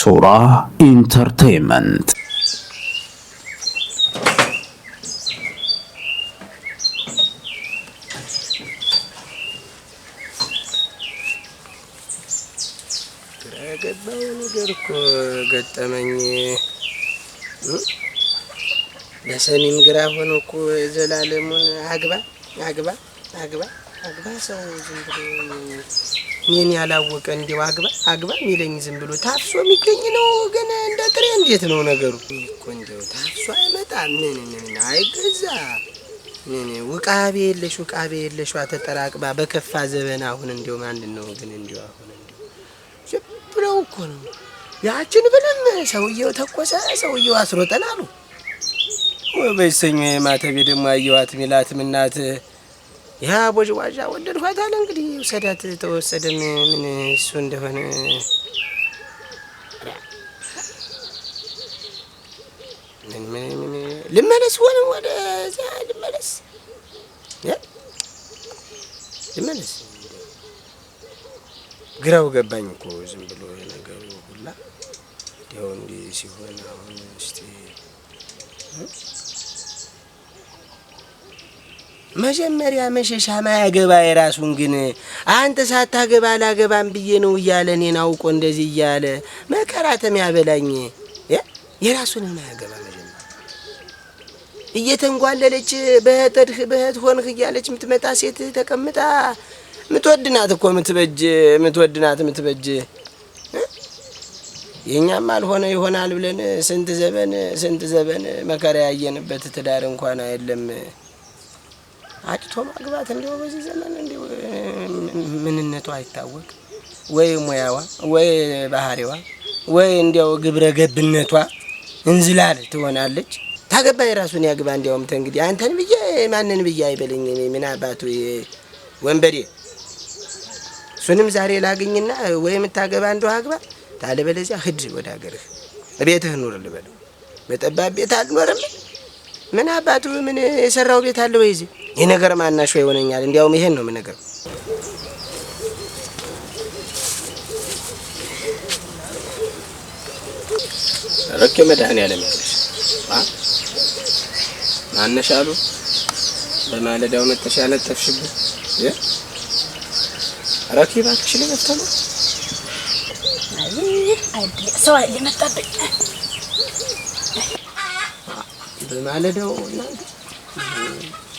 ሶራ ኢንተርቴይመንት ገባው ነገር እኮ ገጠመኝ። በሰሜን ግራ ሆነ እኮ የዘላለሙን አግባ አግባ አግባ አግባ ሰው ዝም ብሎ ምን ያላወቀ እንዲው አግባ አግባ ሚለኝ ዝም ብሎ ታፍሶ የሚገኝ ነው። ግን እንደ ጥሬ እንዴት ነው ነገሩ እኮ እንዲው ታፍሶ አይመጣ ምን ምን አይገዛ ምን ውቃቤ የለሽ ውቃቤ የለሽ ተጠራቅባ በከፋ ዘበን። አሁን እንዲው ማንን ነው ግን እንዲው አሁን እንዲው ብለው እኮ ነው ያችን ብለም ሰውየው ተቆሰ ሰውየው አስሮጠን አሉ ወይ በሰኞ የማተቤ ደግሞ አየዋት ሚላት ምናት ያ ቦዥዋዣ ወደድኳት አለ። እንግዲህ ውሰዳት ተወሰደም ምን እሱ እንደሆነ ልመለስ ሆነ ወደ ልመለስ ልመለስ ግራው ገባኝ እኮ ዝም ብሎ ነገሩ ሁላ እንዲያው እንዲህ ሲሆን አሁን እስቲ መጀመሪያ መሸሻ ማያገባ የራሱን ግን አንተ ሳታገባ አላገባም ብዬ ነው እያለ እኔን አውቆ እንደዚህ እያለ መከራተም ያበላኝ የራሱን ማያገባ መጀመሪያ እየተንጓለለች በህተድህ በህት ሆንህ እያለች የምትመጣ ሴት ተቀምጣ ምትወድናት እኮ ምትበጅ ምትወድናት ምትበጅ የእኛም አልሆነ ይሆናል ብለን ስንት ዘበን ስንት ዘበን መከራ ያየንበት ትዳር እንኳን አየለም? አጭቶ ማግባት እንዲሁ በዚህ ዘመን እንዲሁ ምንነቷ አይታወቅ ወይ ሙያዋ ወይ ባህሪዋ ወይ እንዲያው ግብረ ገብነቷ እንዝላል ትሆናለች። ታገባ የራሱን ያግባ። እንዲያውም ተ እንግዲህ አንተን ብዬ ማንን ብዬ አይበልኝ። ምን አባቱ ወንበዴ እሱንም ዛሬ ላግኝና ወይ የምታገባ እንደው አግባ፣ ታለበለዚያ ህድ ወደ ሀገርህ ቤትህ ኑር ልበለው። በጠባብ ቤት አልኖርም። ምን አባቱ ምን የሰራው ቤት አለ ወይ እዚህ የነገር ነገር ማናሹ ይሆነኛል። እንዲያውም ይሄን ነው የምነገር። ረክ መድህን ያለም ያለሽ ማነሽ አሉ። በማለዳው መተሽ ያለጠፍሽብን ረክ ባክሽ ለመተማ ሰው ለመጣብኝ በማለዳው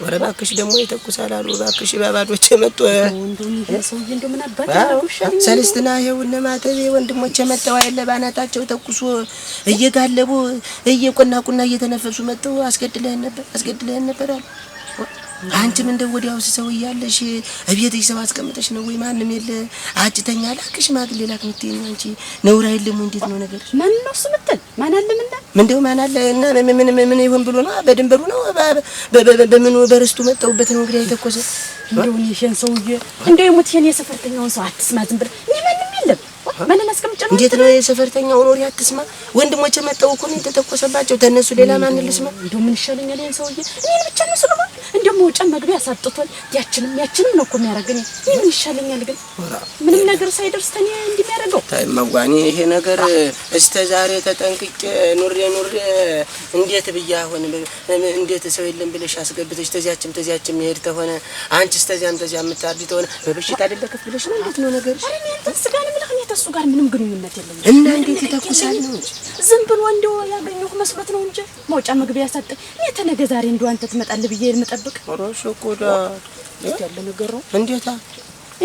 ወረ እባክሽ ደግሞ ይተኩሳል አሉ። እባክሽ ባባዶች የመጡ ሰልስትና ይኸው እነ ወንድሞች የመጣው አይደለ ባናታቸው ተኩሱ እየጋለቡ እየቆናቁና እየተነፈሱ መጡ። አስገድለህን ነበር አስገድለህን ነበር አሉ። አንቺም እንደ ወዲያው ሰው እያለሽ እቤትሽ ሰው አስቀምጠሽ ነው ወይ ማንም የለ አጭተኛ ላክ ሽማግሌ ላክ የምትይኝ አንቺ ነውር አይደለም? እንዴት ነው ነገር? ማን ነው እሱ የምትል ማን አለ? ምን እንደው ማን አለ? እና ምን ምን ይሁን ብሎ ነው? በድንበሩ ነው በምኑ በርስቱ መጣሁበት ነው እንግዲህ የተኮሰ እንደው ነው ይሄን ሰውዬ እንደው የሙት ይሄን የሰፈርተኛውን ሰው አትስማ ዝም ብለህ ምንም አስቀምጬ ነው። እንዴት ነው የሰፈርተኛው ወሬ አትስማ። ወንድሞቼ መጣው እኮ ነው የተተኮሰባቸው። ተነሱ ሌላ ማን ልስማ? እንደው ምን ይሻለኛል? ያን ሰውዬ እኔን ብቻ ነው ስለማ እንደው መውጫ መግቢያ ያሳጥቷል። ያችንም ያችንም ነው እኮ የሚያደርገኝ። እኔ ምን ይሻለኛል ግን ምንም ነገር ሳይደርስ ተኔ እንደሚያደርገው ታይማጓኒ ይሄ ነገር እስከ ዛሬ ተጠንቅቄ ኑሬ ኑሬ እንዴት ብዬ አሁን እንዴት ሰው የለም ብለሽ አስገብተሽ ተዚያችም ተዚያችም ይሄድ ተሆነ አንቺ ተዚያም ተዚያም የምታርድ ተሆነ በበሽታ አይደለ ከፍ ብለሽ ነው። እንዴት ነው ነገር? አረ እኔ አንተን ስጋ ነው የምልህ እኔ ከሱ ጋር ምንም ግንኙነት የለም። እና እንዴት ይተኩሳል ነው እንጂ ዝም ብሎ እንደው ያገኘሁ መስሎት ነው እንጂ መውጫ መግቢያ ያሳጠ እኔ ተነገ ዛሬ እንደው አንተ ትመጣለህ ብዬ የምጠብቅ ራሱ ኮዳ ያለ ነገር ነው። እንዴታ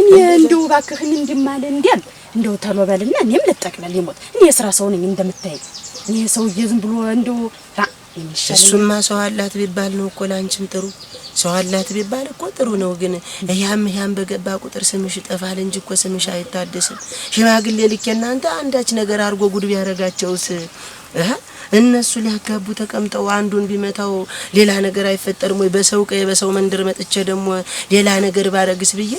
እኔ እንደው እባክህን እንድማል እንዲያል እንደው ተሎ በልና እኔም ልጠቅለል ይሞት እኔ የስራ ሰው ነኝ እንደምታይ። እኔ ሰውዬ ዝም ብሎ እንደው እሱማ ሰው አላት ቢባል ነው እኮ ላንቺም ጥሩ ሰው አላት ቢባል እኮ ጥሩ ነው። ግን እያም እያም በገባ ቁጥር ስምሽ ይጠፋል እንጂ እኮ ስምሽ አይታደስም። ሽማግሌ ልኬ እናንተ አንዳች ነገር አድርጎ ጉድ ቢያደርጋቸውስ እነሱ ሊያጋቡ ተቀምጠው አንዱን ቢመታው ሌላ ነገር አይፈጠርም ወይ? በሰው ቀይ በሰው መንደር መጥቼ ደግሞ ሌላ ነገር ባረግስ ብዬ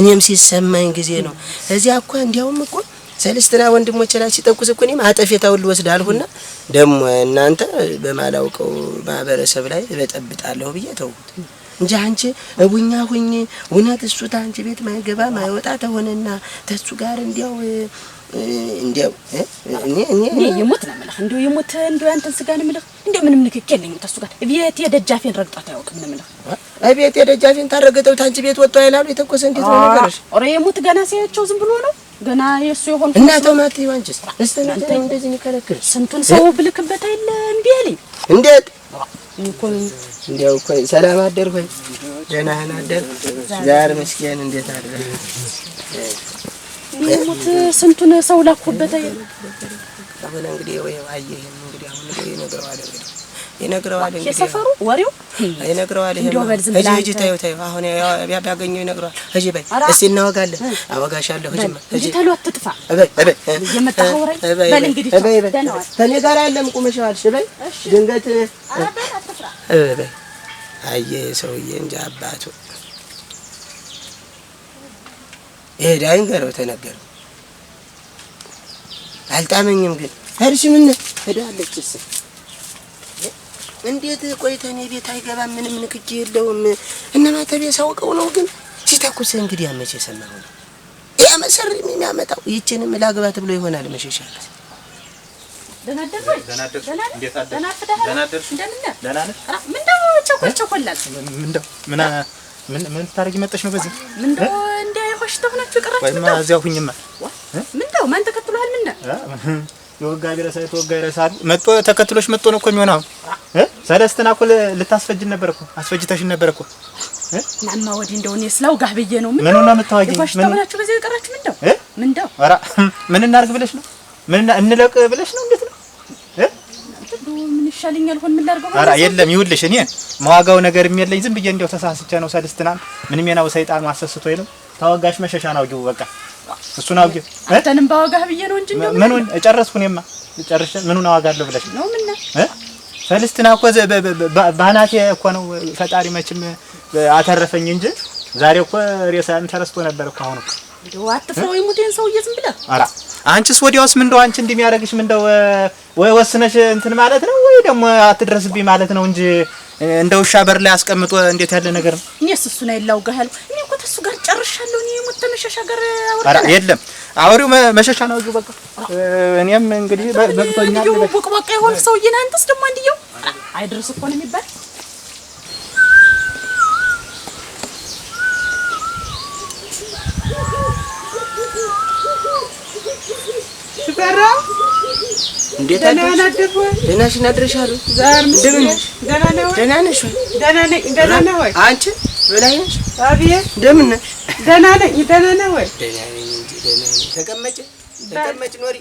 እኔም ሲሰማኝ ጊዜ ነው እዚያ እኮ እንዲያውም እኮ ሰልስትና ወንድሞቼ ላይ ሲጠቁስ እኮ እኔም አጠፌታውን ልወስድ አልሁና ደግሞ እናንተ በማላውቀው ማህበረሰብ ላይ በጠብጣለሁ ብዬ ተውኩት እንጂ አንቺ እቡኛ ሁኝ እውነት እሱ ታንቺ ቤት ማይገባ ማይወጣ ተሆነና ተሱ ጋር እንዲያው እንዲያው እኔ እኔ እኔ የሞት ነው የምልህ እንዲያው የሞት እንዲያው አንተን ስጋ ነው የምልህ እንዲያው ምንም ንክክ የለኝም ተሱ ጋር ቤት የደጃፌን ረግጧት አያውቅም ነው የምልህ ቤት የደጃፌን ታረገጠው ታንቺ ቤት ወጥቶ አይላሉ የተኮሰ እንዴት ነው ነገርሽ ኧረ የሞት ገና ሲያቸው ዝም ብሎ ነው ገና የእሱ የሆን እና ቶማቴ ባንቺስ እስቲ እንደዚህ ይከለክል ስንቱን ሰው ብልክበት አይደል እንዴ አለኝ። እንዴት እንኩን እንዴው እኮ ሰላም አደር ሆይ ደህና አደር ዛር ምስኪን እንዴት አደረ ይሙት ስንቱን ሰው ላኩበት አይደል አሁን እንግዲህ ወይ አየህ እንግዲህ አሁን ወይ ነገር አደረ ይነግረዋል። እንግዲህ የሰፈሩ ወሬው ይነግረዋል። ይሄ ነው እጂ እጂ አሁን ያገኘው ይነግረዋል። እጂ በይ እስኪ እናወጋለን፣ አወጋሻለሁ። እጂ እጂ ተሎ አትጥፋ። እበይ እበይ የመጣው ወሬ በል እንግዲህ ከእኔ ጋር የለም ቁመሽ አልሽ። እበይ ድንገት እበይ አየ ሰውዬ እንጂ አባቱ ይሄዳ ይንገረው ተነገረው አልጣመኝም ግን ሄድሽ ምን ሄዳለችስ እንዴት ቆይተን የቤት አይገባም? ምንም ንክኪ የለውም። እነማተቤ ሳውቀው ነው ግን ሲተኩስ እንግዲህ ያመቼ ሰማሁ ነው ያመሰር የሚያመጣው ይችንም ላግባት ብሎ ይሆናል መሸሻ ምን ታረጊ መጣሽ ነው? በዚህ ምንድነው እንደ ሆሽተው ናችሁ ቀራችሁ? ወይ እዚያው ሁኝማ ምንድነው ማን ተከትሎሃል? ምን ነው የወጋ ቢረሳ የተወጋ ይረሳል። መጥቶ ተከትሎሽ መጥቶ ነው እኮ የሚሆነው ሰለስትና እኮ ልታስፈጅን ነበር እኮ አስፈጅተሽን ነበር እኮ ናማ ወዲህ እንደው እኔ ስላውጋህ ብዬ ነው። ምን ነው የምታዋጊኝ? ምን ነው በዚህ የቀራችሁ? ምን ነው ምን ነው? ኧረ ምን እናርግ ብለሽ ነው? ምን እንለቅ ብለሽ ነው? እንዴት ነው? ምን ይሻለኛል? ሆን ምን ላድርገው? ኧረ የለም ይውልሽ፣ እኔ መዋጋው ነገር የለኝ። ዝም ብዬ እንደው ተሳስቼ ነው። ሰለስትና ምን የናው ሰይጣን ማሰስቶ ታወጋሽ መሸሻ ነው አውጊው በቃ እሱን አውጊው። አንተንም ባወጋህ ብዬ ነው እንጂ ምን ጨረስኩ እኔማ ጨርሼ ምኑን አዋጋለሁ ብለሽ ነው? ምን ነው ፍልስጥና እኮ ባህናቴ እኮ ነው። ፈጣሪ መቼም አተረፈኝ እንጂ ዛሬ እኮ ሬሳን ተረስቶ ነበር እኮ አሁን እኮ እንደው አትፍረው የሙቴን ሰውዬ ዝም ብለህ ኧረ አንቺስ ወዲያውስ ምን እንደው አንቺ እንደሚያደርግሽ ምን እንደው ወይ ወስነሽ እንትን ማለት ነው ወይ ደግሞ አትድረስብኝ ማለት ነው እንጂ እንደው ውሻ በር ላይ አስቀምጦ እንዴት ያለ ነገር ነው። እኔስ እሱን አይላውጋህ ጋህል እኔ እኮ ተሱ ጋር ጨርሻለሁ። እኔ የሞት መሸሻ ጋር አውራ የለም አውሪው መሸሻ ነው። እዚሁ በቃ እኔም እንግዲህ በቅቶኛል። ቡቅ በቃ የሆነ ሰውዬ ነህ አንተስ ደግሞ አንድየው አይደርስ እኮ ነው የሚባል እንዴት ደህናሽን ደህና ነሽ? ደህና ነህ ወይ? አንቺ በላይ ነሽ? አብዬ እንደምን ነሽ? ደህና ነኝ። ደህና ነህ ወይ? ተቀመጭ፣ ተቀመጭ፣ ኖሪ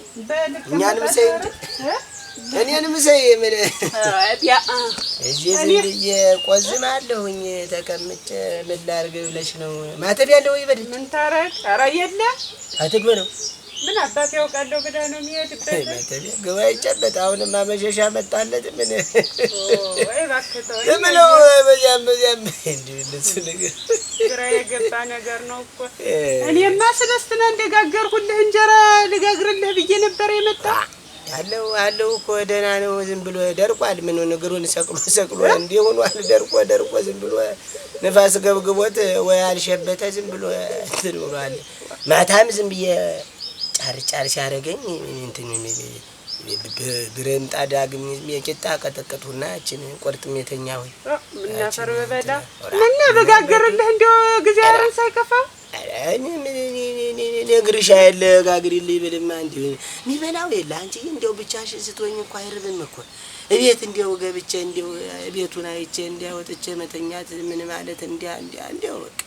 እኛንም ሰይ እንጂ እኔንም ሰይ ምን እዚህ ዝም ብዬ ቆዝማለሁኝ ተቀምጬ ምን ላድርግ ብለሽ ነው? ማተቢያ አለ ወይ ምን ታረግ? ኧረ የለ አትግበ ነው ምን አባት ያውቃለሁ ብለህ ነው የሚሄድበት? ማተቢያ ግባ ይጨበት። አሁንማ መሸሻ መጣለት። ምን ዝም ብለው በዚያም በዚያም እንዲህ ነገር ግራ የገባ ነገር ነው እኮ። እኔማ ስለስትና እንደጋገርኩልህ እንጀራ ልጋግርልህ ብዬ ነበረ የመጣ አለው አለው እኮ ደህና ነው። ዝም ብሎ ደርቋል። ምን እግሩን ሰቅሎ ሰቅሎ እንዲህ ሆኗል። ደርቆ ደርቆ ዝም ብሎ ንፋስ ገብግቦት ወይ አልሸበተ ዝም ብሎ እንትን ብሏል። ማታም ዝም ብዬ ጫር ጫር ሲያደርገኝ እንትን ብረምጣ ዳግም የቂጣ ቀጠቀጥሁና እችን ቆርጥም የተኛ ሆይ ምናፈር በበላ ምና በጋገርልህ እንዲ ጊዜ ያረን ሳይከፋ ነግርሻ የለ ጋግሪልኝ ብልማ እንዲሁ የሚበላው የለ አንቺ እንዲያው ብቻሽን ስትሆኝ እኮ አይርብም እኮ እቤት እንዲያው ገብቼ እንዲያው ቤቱን አይቼ እንዲያ ወጥቼ መተኛት ምን ማለት እንዲያ እንዲያ እንዲያው በቃ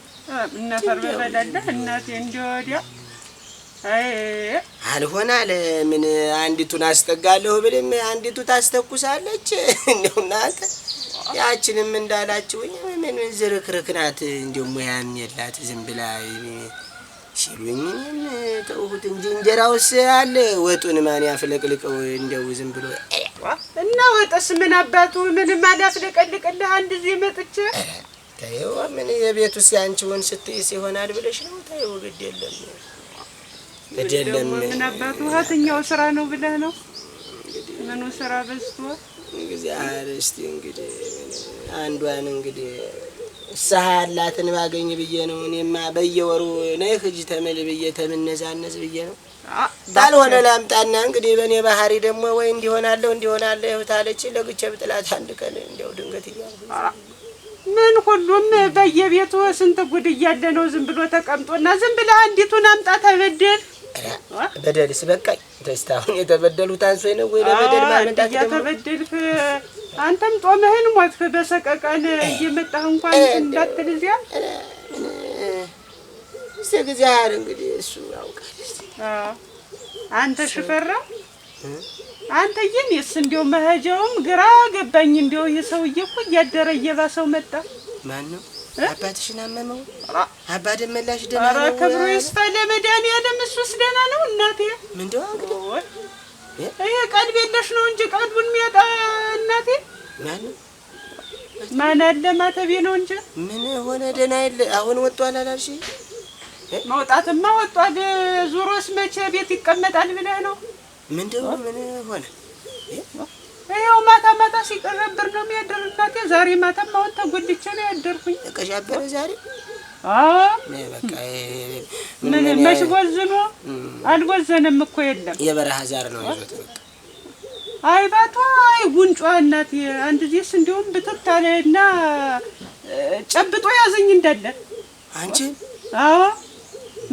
እናፈር በበላልህ እናቴ እንዲህ ወዲያ አልሆን አለ ምን አንዲቱን አስጠጋለሁ ብልም አንዲቱ ታስተኩሳለች። እንደው እናንተ ያችንም እንዳላችሁኝ ምን ዝርክርክናት እንዲሁ ሙያም የላት ዝም ብላ ሲሉኝ ተውሁት እንጂ እንጀራውስ አለ ወጡን ማን ያፍለቅልቀው? እንደው ዝም ብሎ እና ወጥስ ምን አባቱ ምንም አላፍለቀልቅልህ። አንድ ጊዜ መጥቼ ተይው፣ ምን የቤት ውስጥ ያንቺውን ስትይስ ይሆናል ብለሽ ነው። ተይው፣ ግድ የለም ግድ የለም። ምን አባቱ ውሀተኛው ስራ ነው ብለህ ነው እንግዲህ ምኑ ስራ በዝቶ እንግዲህ እስቲ እንግዲህ አንዷን እንግዲህ እሳሀ ያላትን ባገኝ ብዬ ነው። እኔማ በየወሩ ነይ ህጅ ተመል ብዬ ተምነዛነዝ ብዬ ነው። ባልሆነ ላምጣና እንግዲህ በእኔ ባህሪ ደግሞ ወይ እንዲሆናለሁ እንዲሆናለሁ ይሁታለች አለች። ለግቼ ብጥላት አንድ ቀን እንዲያው ድንገት እያልኩ ምን ሁሉም በየቤቱ ስንት ጉድ እያለ ነው ዝም ብሎ ተቀምጦና ዝም ብለህ አንዲቱን አምጣ ተበደል በደልስ በቃኝ እስካሁን የተበደሉት አንሶኝ ነው ወይ ለበደል ማመዳት ተበደልፍ አንተም ጦምህን ሞትፍ በሰቀቀን እየመጣህ እንኳን እንዳትል እዚያ እስከ እግዚአብሔር እንግዲህ እሱ ያውቃል። አንተ ሽፈራ አንተዬ እኔስ እንዲያው መሄጃውም ግራ ገባኝ። እንዲያው ይህ ሰውዬ እኮ እያደረ እየባሰው መጣ። ማን ነው? አባትሽን አመመው። አባ ደመላሽ ደህና ነው። ክብሩ ይስፋ ለመድኃኒዓለም። እሱስ ደህና ነው እናቴ። ምንድን ነው ይሄ ቀልብ የለሽ ነው እንጂ ቀልቡን የሚያጣ እናቴ ማን አለ? ማተቤ ነው እንጂ ምን ሆነ? ደህና የለ አሁን ወጥቷል አላልሽ? መውጣትማ ወጥቷል። ዙሮስ መቼ ቤት ይቀመጣል ብለህ ነው? ምንድን ምን ሆነ? ይኸው ማታ ማታ ሲቀር ነበር ነው የሚያደር እናቴ። ዛሬ ማታም አሁን ተጎድቼ ነው ያደርኩኝ። ተቀዣበረ ዛሬ መች ጎዝኖ አልጎዘነም እኮ የለም። የበረሃ ዛር ነው ይዞት በቃ አይ ጉንጯ እናቴ አንድ ጊዜስ እንዲሁም ብትት አለ እና ጨብጦ ያዘኝ እንዳለ አንቺ አዎ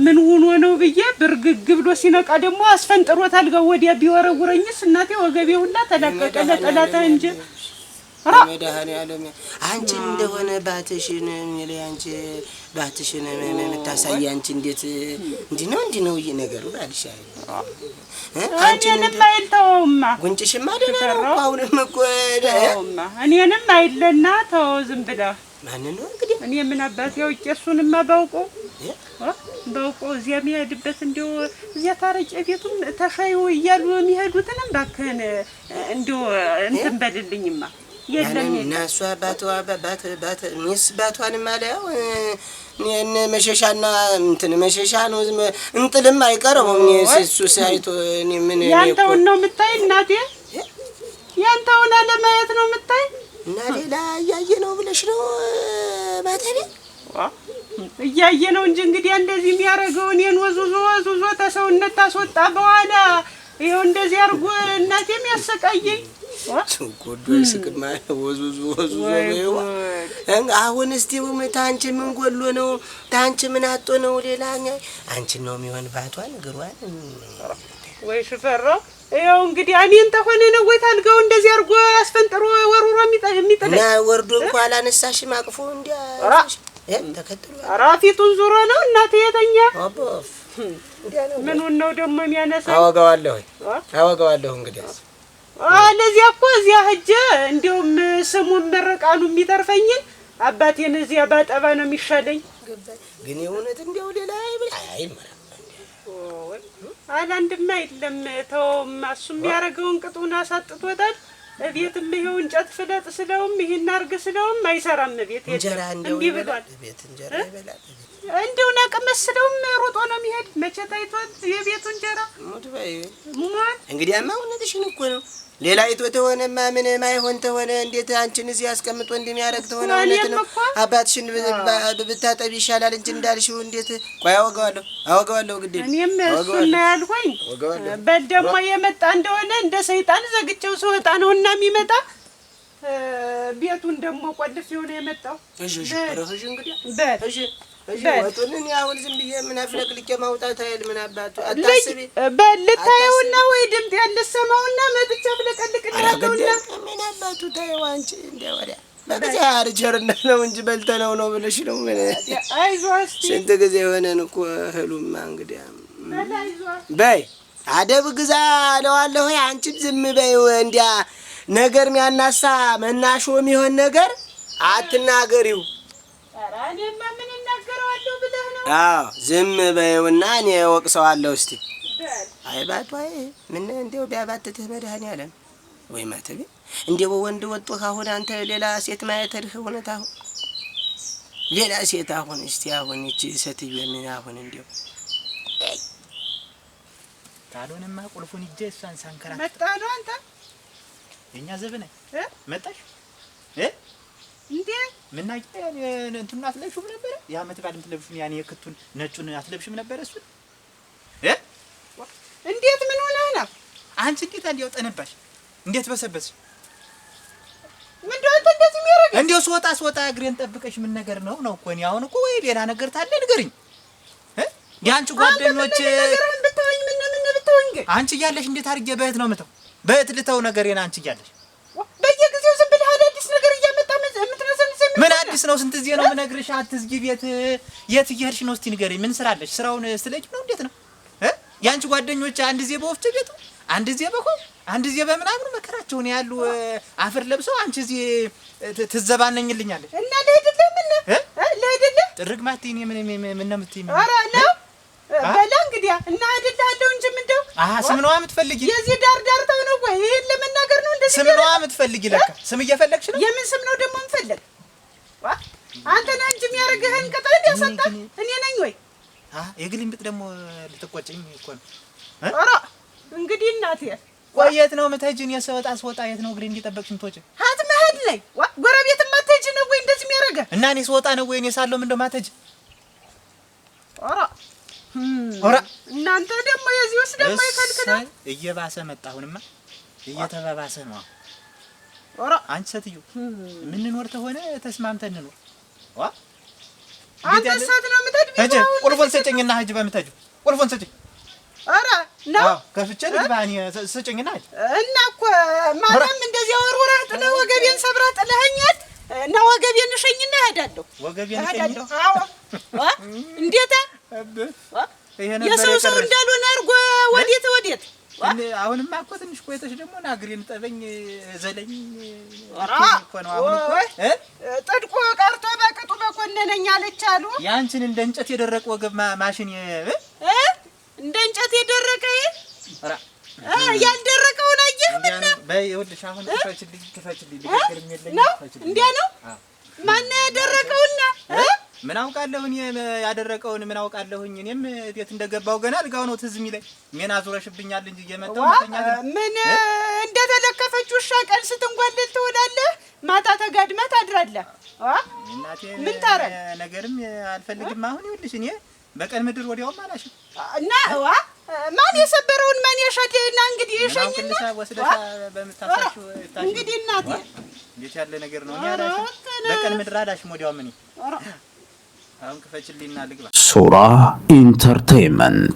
ምን ሆኖ ነው ብዬ ብርግግ ብሎ ሲነቃ ደግሞ አስፈንጥሮት አልጋ ወዲያ ቢወረውረኝስ እናቴ ወገቤ ሁላ ተለቀቀ። ለጠላታ እንጂ መድኃኔዓለም አንቺ እንደሆነ ባትሽን የሚል አንቺ ባትሽን የምታሳይ አንቺ እንዴት እንዲህ ነው እንዲህ ነው ነገሩ አልሻ እኔንም አይልተውማ ጉንጭሽማ ደህና ነው። አሁንም እኮ እኔንም አይለና ተው ዝም ብለህ ማንን ነው እንግዲህ እኔ ምን አባቴ አውቄ፣ እሱንማ ባውቀው ባውቀው እዚያ የሚሄድበት እንዲያው እዚያ ታረቄ ቤቱም ተሻዩ እያሉ የሚሄዱትንም እባክህን እንዲያው እንትን በልልኝማ። እና እሷ ባትዋ ባት ባት ያው መሸሻና እንትን መሸሻ ነው እንጥልም አይቀረውም። እሱ ሳይቶ ምን ያንተውን ነው የምታይ እናቴ፣ ያንተውን አለማየት ነው የምታይ እና ሌላ እያየ ነው ብለሽ ነው ማተቤ? እያየ ነው እንጂ እንግዲህ እንደዚህ የሚያደርገው እኔን ወዙዞ ወዙዞ ተሰውነት ታስወጣ በኋላ ይኸው እንደዚህ አድርጎ እናቴ የሚያሰቃየኝ ጎዶ ስቅማ ወዙዞ ወዙዞ አሁን እስቲ ታንቺ ምን ጎሎ ነው? ታንቺ ምን አጦ ነው? ሌላ አንቺን ነው የሚሆን ባቷን እግሯን ወይ ሽፈራው ያው እንግዲህ እኔን ተሆነ ነው ወይ ታልጋው እንደዚህ አድርጎ ያስፈንጥሮ ወርውሮ የሚጥለኝ ወርዶ አላነሳሽም አቅፎ ተከትሎ ኧረ ፊቱን ዙሮ ነው እናቴ የተኛ ምኑን ነው ደግሞ የሚያነሳ አወጋዋለሁ አወጋዋለሁ እንግዲህ ለዚያ እኮ እዚያ ስሙን መረቃኑ የሚጠርፈኝን አባቴን እዚያ ባጠባ ነው የሚሻለኝ ግን የእውነት እንዲያው ሌላ አላንድማ የለም ተውማ። እሱ የሚያደርገውን ቅጡን አሳጥቶታል። እቤትም ይኸው እንጨት ፍለጥ ስለውም ይህን አድርግ ስለውም አይሰራም። ቤት እንጀራ እንዲህ ብሏል። ቤት እንጀራ ይበላል። እንደው ነቅመስ ስለውም ሮጦ ነው የሚሄድ። መቼ ታይቶት የቤቱ እንጀራ ሙሟን እንግዲህ እውነትሽን እኮ ነው። ሌላ ይቶ ተሆነማ ምን ማይሆን ተሆነ እንዴት አንቺን እዚህ አስቀምጦ እንደሚያደርግ ተሆነ እውነት ነው። አባትሽን ብታጠቢ ይሻላል እንጂ እንዳልሽው እንዴት ቆይ፣ አወገዋለሁ አወገዋለሁ። ግዴ እኔም እሱና ያልሆኝ በደሞ የመጣ እንደሆነ እንደ ሰይጣን ዘግቼው ስወጣ ነው እና የሚመጣ ቤቱን ደግሞ ቆልፍ የሆነ የመጣው እሺ እሺ እሺ እንግዲህ በል እሺ ወጡንን አሁን ዝም ብዬ ምን አፍለቅልቄ ማውጣት አይደል? ምን አባቱ አታስቢ። በል ልታየውና ወይ ድምፅ ያልሰማውና መጥቼ ምን አባቱ ታየው አንቺ እንደ ወዲያ በእግዚአብሔር ቸርነት ነው እንጂ በልተነው ነው ብለሽ ነው። ምን ስንት ጊዜ የሆነን እኮ እህሉማ በይ አደብ ግዛ እለዋለሁ። አንቺም ዝም በይ እንዲያ ነገር የሚያናሳ መናሾ የሚሆን ነገር አትናገሪው። አዎ ዝም በይውና እኔ ወቅሰዋለሁ። እስቲ አይ ባቷ ምን እንዲያው ቢያባትትህ መድኃኔዓለም ወይ ማተቤ እንዲያው ወንድ ወጡ አሁን አንተ ሌላ ሴት ማየትህ እውነት አሁን ሌላ ሴት አሁን እስቲ አሁን ይቺ ሴትዮ ምን አሁን እንዲያው ካልሆነማ ቁልፉን ይዤ እሷን ሳንከራ መጣ ነው አንተ የእኛ ዘብነ መጣሽ እ እንዴ እንትኑን አትለብሽም ነበረ? በዓል የምትለብሽውን ያኔ የክቱን ነጩን አትለብሽም ነበረ? እሱን እንዴት ምን ሆነህ ነው አንቺ? እንዴት እንዲያው ጠነባሽ? እንዴት ምንድን ነው እንደዚህ የሚያደርግ? እንዲያው ስወጣ ስወጣ እግሬን ጠብቀሽ ምን ነገር ነው ነው እኮ እኔ አሁን እኮ ወይ ሌላ ነገር ታለ የአንቺ ጓደኞች አንቺ እያለሽ እንዴት አድርጌ በእህት ነው የምተው በእህት ልተው ነገሬን አንቺ እያለሽ ምን አዲስ ነው? ስንት ጊዜ ነው የምነግርሽ? አትዝጊ። ቤት የት እየሄድሽ ነው? እስቲ ንገሪኝ። ምን ስራ አለሽ? ስራውን ስለጅ ነው? እንዴት ነው ያንቺ ጓደኞች? አንድ ጊዜ በወፍጮ ቤቱ፣ አንድ ጊዜ በኮም፣ አንድ ጊዜ በምናምን መከራቸውን ያሉ አፈር ለብሰው፣ አንቺ እዚህ ትዘባነኝልኛለሽ። እና ልሄድልህ? ምን ልሄድልህ? ጥርግ ማትይ ምን ምን ነው የምትይ? ኧረ ነው በላ እንግዲያ እና አይደላለሁ እንጂ ምንደው ስም ነዋ የምትፈልጊ? የዚህ ዳር ዳርታው ነው ወይ ይሄን ለመናገር ነው እንደዚህ? ስም ነዋ የምትፈልጊ? ለካ ስም እየፈለግሽ ነው። የምን ስም ነው ደግሞ የምፈልግ አንተ ነህ እንጂ የሚያደርግህን ቅጥል እንዲያሰጣህ እኔ ነኝ ወይ? የግልምጥ ደግሞ ልትቆጭኝ እኮ ነው። ኧረ እንግዲህ እናቴ ቆይ የት ነው የምትሄጂ? እኔ ስወጣ ስወጣ የት ነው እግሬ እንዲጠበቅሽ የምትወጪ? ሀት መሄድ ላይ ጎረቤት ማትሄጂ ነው ወይ እንደዚህ የሚያደርገህ? እና እኔ ስወጣ ነው ወይ እኔ ሳለሁ ምንድን ነው የማትሄጂ? ኧረ ኧረ እናንተ ደግሞ የዚህ ውስጥ ደግሞ ይከልክላል። እየባሰ መጣ። አሁንማ እየተባባሰ ነው። ኧረ አንቺ ሴትዮ የምንኖር ተሆነ ተስማምተን እንኖር አንተ ሰዓት ነው የምትሄድ? ሂጂ ቁልፉን ስጭኝና ሂጂ በምትሄጂው ቁልፉን ስጭኝ። ኧረ ነው ከፍቼ ልግባ እኔ ስጭኝና ሂጂ። እና እኮ ማርያም እንደዚህ አወርውረህ ጥለህ ወገቤን ሰብረህ ጥለኸኛል። እና ወገቤን እሸኝና እሄዳለሁ። ወገቤን እሸኝና እንዴት የሰው ሰው እንዳልሆነ አድርጎ ወዴት ወዴት አሁንማ እኮ ትንሽ ቆይተሽ ደግሞ ና ጠበኝ ዘለኝ እኮ ነው። አሁን እኮ ጥድቁ ቀርቶ በቅጡ በኮነነኝ አለች አሉ። ያንቺን እንደ እንጨት የደረቀ ወገብ ማሽን እንደ እንጨት የደረቀ ያልደረቀውን አየህ? ምና ይኸውልሽ፣ አሁን ክፈችልኝ፣ ክፈችልኝ ነው እንዲያ ነው ማነው ያደረቀውና ምን አውቃለሁ እኔ ያደረቀውን ምን አውቃለሁኝ። እኔም ቤት እንደገባው ገና አልጋው ነው ትዝ የሚለኝ። ምን አዙረሽብኛል እንጂ እየመጣሁ ምን እንደተለከፈች ውሻ ቀን ስትንጓልል ትውላለህ፣ ማታ ተጋድመ ታድራለህ። እናቴ ምን ታረ ነገርም አልፈልግም። አሁን ይኸውልሽ እኔ በቀን ምድር ወዲያውም አላሽም እና ዋ ማን የሰበረውን ማን ያሻደና እንግዲህ ይሸኝና ወስደሻ በምታሳሹ እንግዲህ እናቴ እንዴት ያለ ነገር ነው። እኔ አላሽም በቀን ምድር አላሽም ወዲያውም እኔ ሱራ ኢንተርቴይመንት